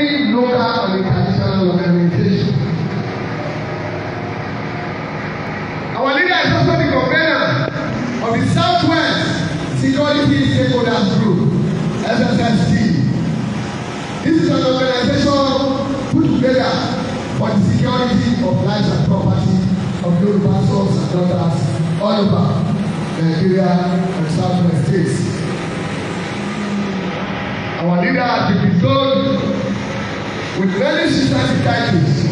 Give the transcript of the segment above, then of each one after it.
every local and international organization. Our leader is also the convener of the Southwest Security Stakeholders Group, SSSG. This is an organization put together for the security of lives and property of Yoruba sons and daughters all over Nigeria and Southwest states. Our leader has been bestowed with many sisterly titles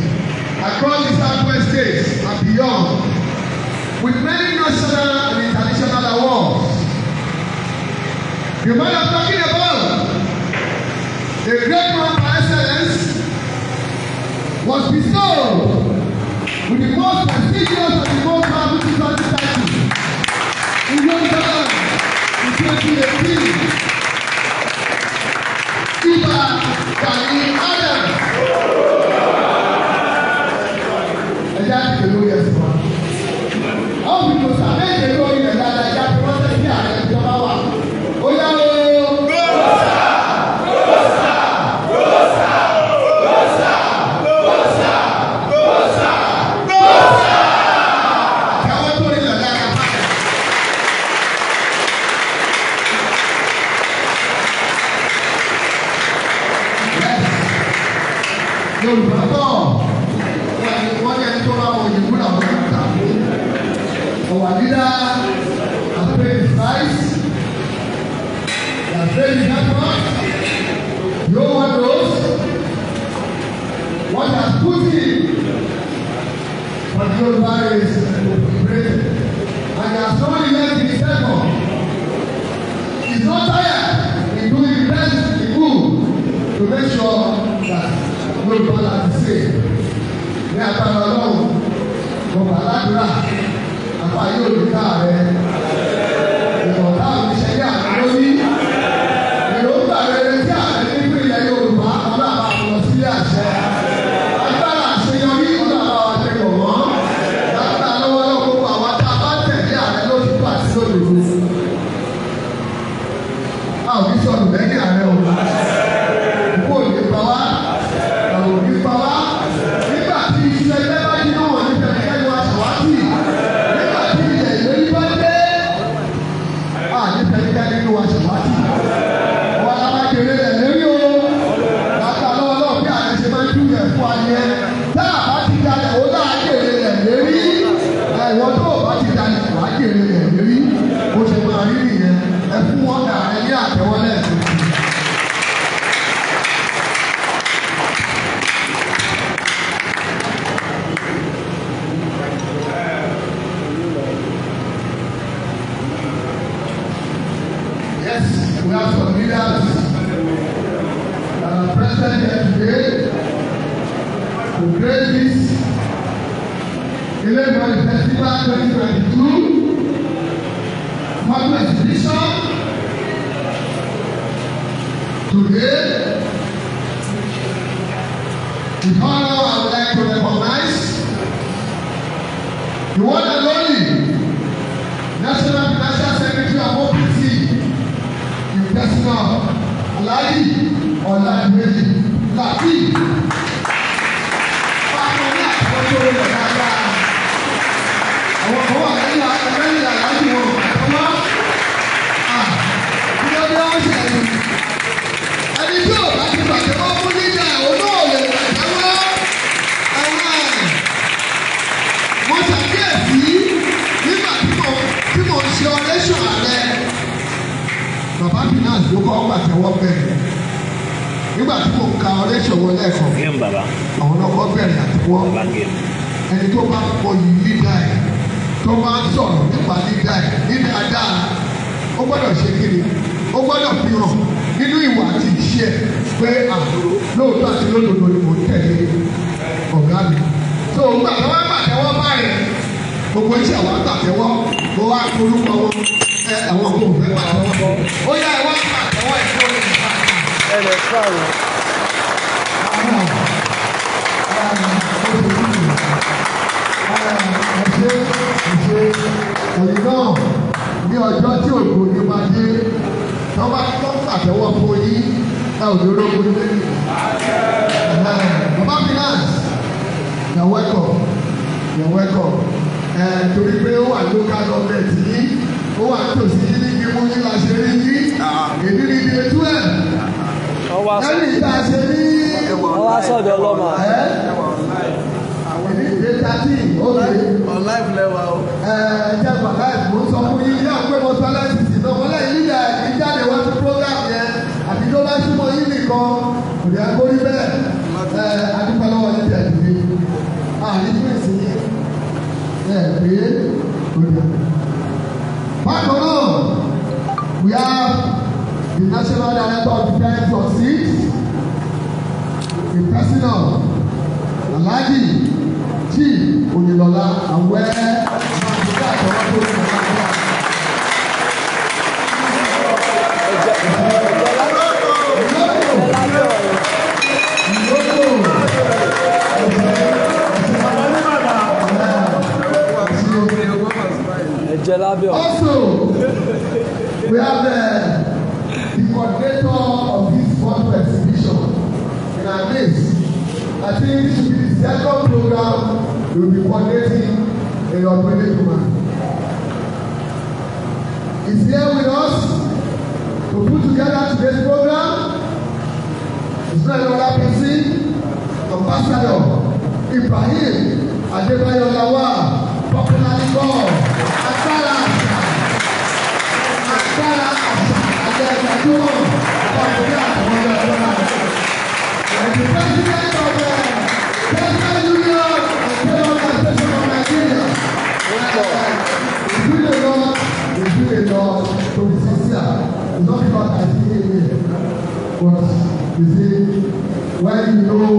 across the Southwest states and beyond with many national and international awards. The man I'm talking about, the great man by excellence, was bestowed with the most prestigious and the most powerful sisterly title in Young Ghana in 2018. ¡Gracias! mo bàlá dúrà àpá yóò have some leaders that are present here today to create this Eleven Festival 2022 model exhibition. Today, Before honor I would like to recognize the one and only. Islam Láyì Ọ̀làdìmẹ́jì Latif. Bákan ní àkọ́jọ́ rẹ̀ dáadáa. Àwọn kan wà lẹ́yìn àtẹ̀lẹ́yìn àlájì wọn. Ọmọ àbúrò bí wọ́n ṣe ẹ̀yìn. Ẹni tí ò bá ti bàjẹ́ wọ́n fún níjà òun náà lè bàjẹ́ wọ́n. Mo ṣàkíyèsí nígbà tí mo ń ṣe ọlẹ́ṣọ̀ ààrẹ bàbá mi náà ló kọ́ ọgbà tẹ́wọ́ bẹ̀rẹ̀ nígbà tí mo ka ọlẹ́sẹ̀ wọ lẹ́ẹ̀kan àwọn ọkọ bẹ̀rẹ̀ àtiwọ́ ẹni tó bá pọ̀ yìí lídà ẹ̀ tó máa ń sọ̀rọ̀ nípa lídà ẹ̀ lídà dáa ó gbọ́dọ̀ ṣe kiri ó gbọ́dọ̀ fi hàn nínú ìwà àti ìṣe pé lóòótọ́ àti lódodo ni mo tẹ̀lé ọ̀gá mi. tó o gbà tó wá gbàtẹ́wọ́ báyìí gbogbo iṣẹ́ wa gbàtẹ́wọ́ mo wá polúkọ wọn ẹ Welcome. kò Welcome. pa àwọn ó yá ẹ wá pa àwọn ẹ̀kọ́ ní ìgbà. ẹ lè fà wọ́n. Ẹ̀ṣẹ̀ ẹ̀ṣẹ̀ ẹ̀yìn náà ní ọjọ́ tí òkú ní máa dé tọ́ba tó ń pàtẹ́wọ́ fún yín ẹ ò ní ológun lẹ́yìn. Bàbá mi náà yẹ wẹ́kọ̀ yẹ wẹ́kọ̀ ẹ̀ torí pé ó wà lókà lọ́mẹ̀tì yìí ó wà tòsí yìí ní kí wọ́n ní la ṣe rí kí ah. èmi ní ibi ètú ẹ̀. lẹ́yìn ìta ṣe ní. wọ́n wá sọ̀dọ̀ ọlọ́mọ. èmi ìdè tàbí òkè. on life level o. ẹ jẹ́ bàbá ẹ̀ mo sọ fún yín yá pé mo sọ láti sì lọ wọlé ìlílẹ̀ ìjáde wọn ti program yẹn àti tó bá súnmọ́ yín nìkan kò ní agbórí bẹ́ẹ̀ ẹ adúpẹ́ lọ́wọ́ yín tẹ̀ ẹ̀ dìde. àní fún ìsinyìí ẹ̀ pé bákan náà we have the national director of defence of six the president alhaji chief and awẹ Also, we have uh, the coordinator of this photo exhibition in our midst. I think this should be the second program we will be coordinating in Ọ̀gbẹ́ni Kuma. He's here with us to put together today's program. He's not another person, Ambassador Ibrahim Adebayo Lawal popularly called agbára àṣà agbára àṣà àjẹgbẹdúmọ ọgbẹgbẹ àwọn ọgbẹgbẹ. The president of the Federal We do the Lord, we do the Lord to be sincere. It's not because I see it here. But you see, when you know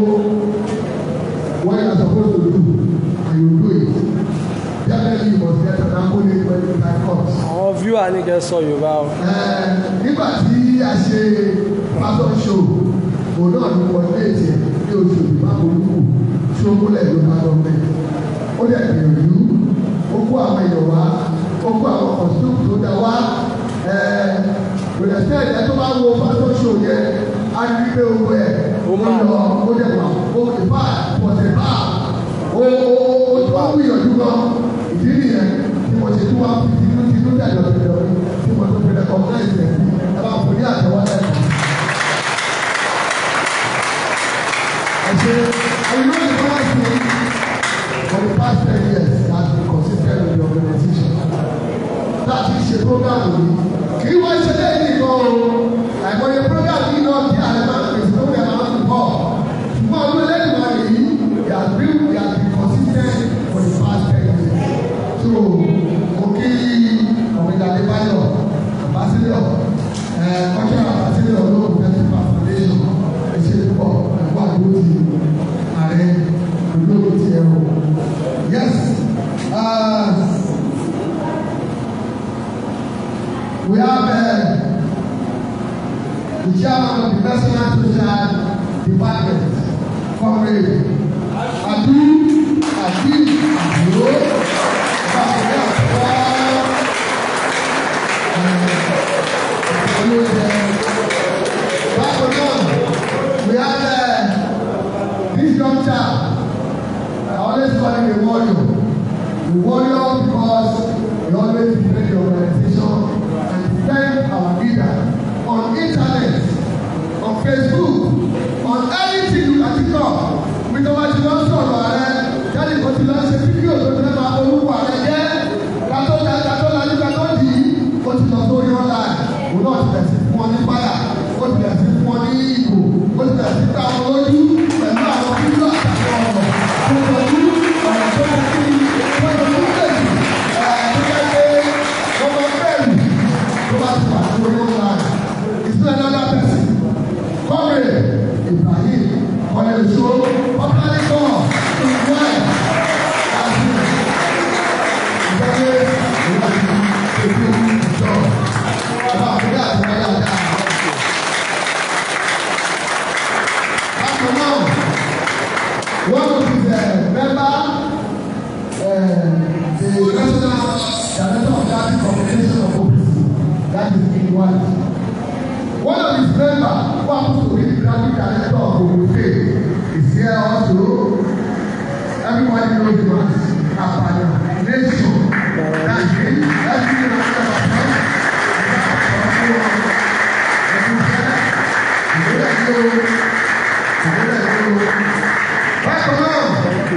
what you are supposed to do, and you do it, àwọn viewer ní kẹ́ sọ yorùbá o. nígbà tí a ṣe pásọ show mo náà ní wọn ní ètè ní oṣù ìmáàmúlùkù tí ó múlẹ̀ ló bá lọ mẹ́ ó dẹ̀ gbìyànjú ó kó àwọn èèyàn wá ó kó àwọn costume tó dá wá gbèdéṣẹ́ ìdá tó bá wo pásọ show yẹn á ní pé owó ẹ̀ ó lọ ó dẹ̀ wà ó ti bá pọ̀sẹ̀ bá ó tó àwọn ìyànjú lọ ìdí nìyẹn ni mo ṣe tó wá fi níbi tí àjọ ti lọ tí mo tó fi rẹ kọ́ náà department, comrade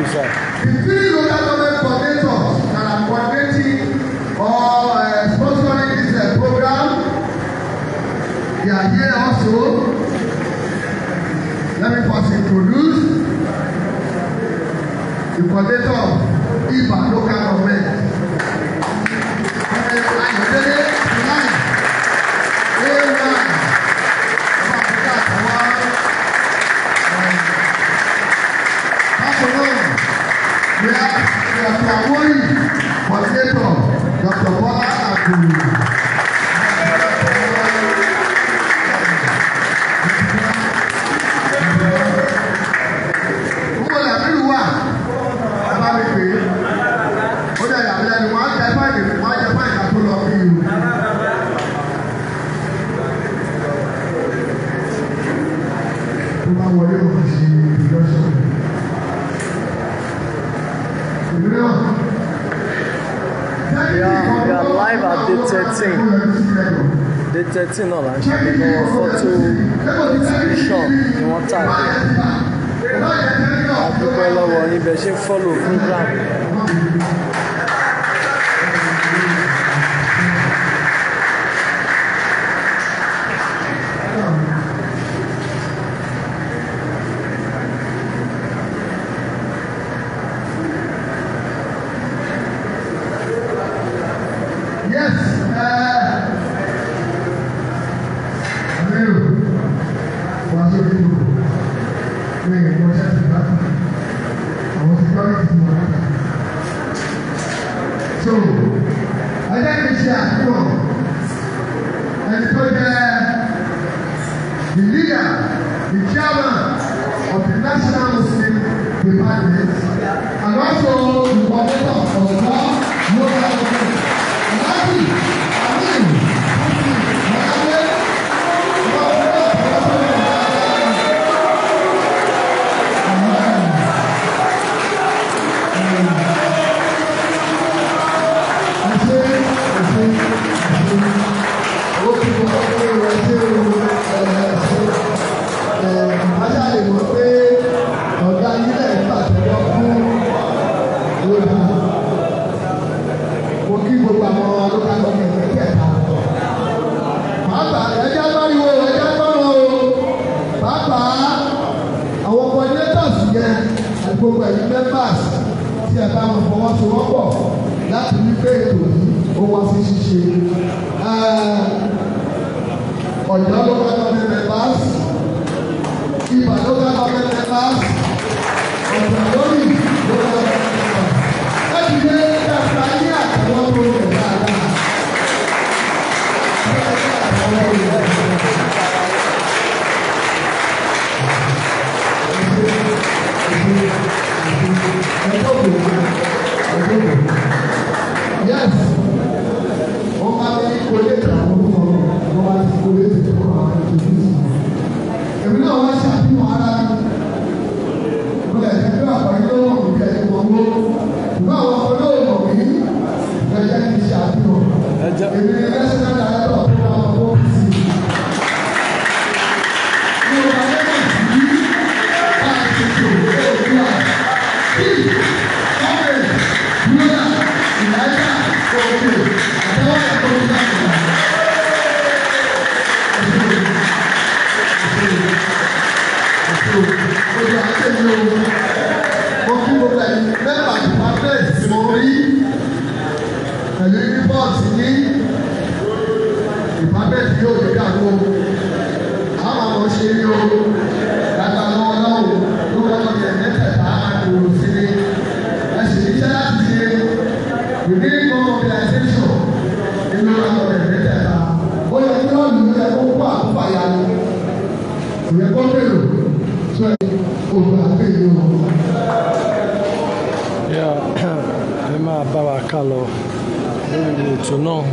Jesus. The three local government coordinators that are coordinating or uh, sponsoring this uh, program, they are here also. Let me first introduce the coordinator Iba local bá wọlé òun ṣe ìlọsọ rẹ̀. Ìlú náà. We are, we are live at day thirteen day thirteen náà là ń ṣe lọ́wọ́ fọ́tò exhibition ni wọ́n tà dé. a dúpẹ́ lọ́wọ́ yín bẹ́ẹ̀ ṣe ń fọ́lò program. therefore, you were never lókà gọ́ọ̀mẹ̀ntì mẹ́tẹ̀ẹ̀ta. pàápàá ẹja pariwo ẹja gbọ́nà o pàápàá àwọn coordinators yẹn àgbogbo ẹ̀yìn members tí ẹ bá wọn fọwọ́sowọ́pọ̀ láti rí pé ètò yìí ó wá sí ṣíṣe. ọ̀yọ́ lókà gọ́ọ̀mẹ̀ntì members ìbàdàn lókà gọ́ọ̀mẹ̀ntì members ọ̀dọ́ lórí lókà gọ́ọ̀mẹ̀ntì members. Thank you.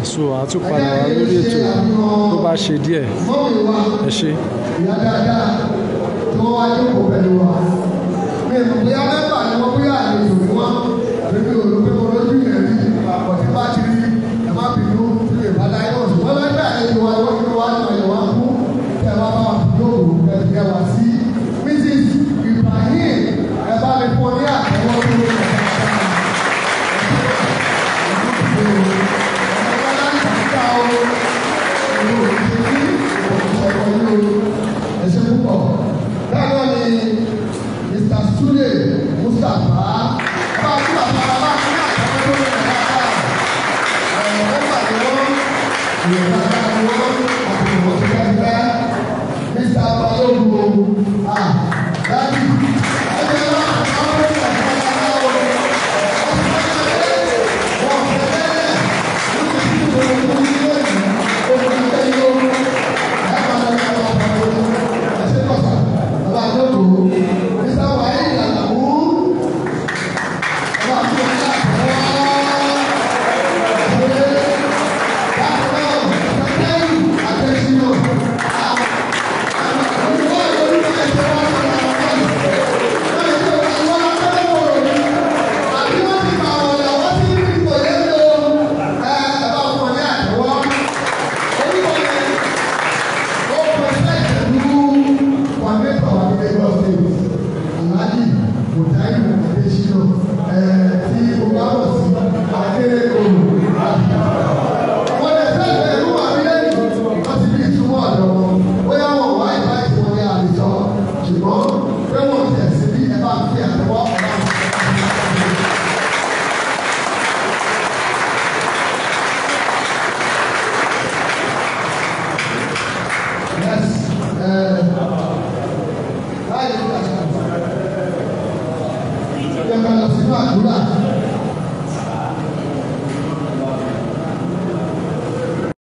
so àtúnpadà wa lórí ètò tó bá ṣe díẹ̀ ẹ ṣé. ìyá dáadáa tó wáyé kò pẹ̀lú Obrigado.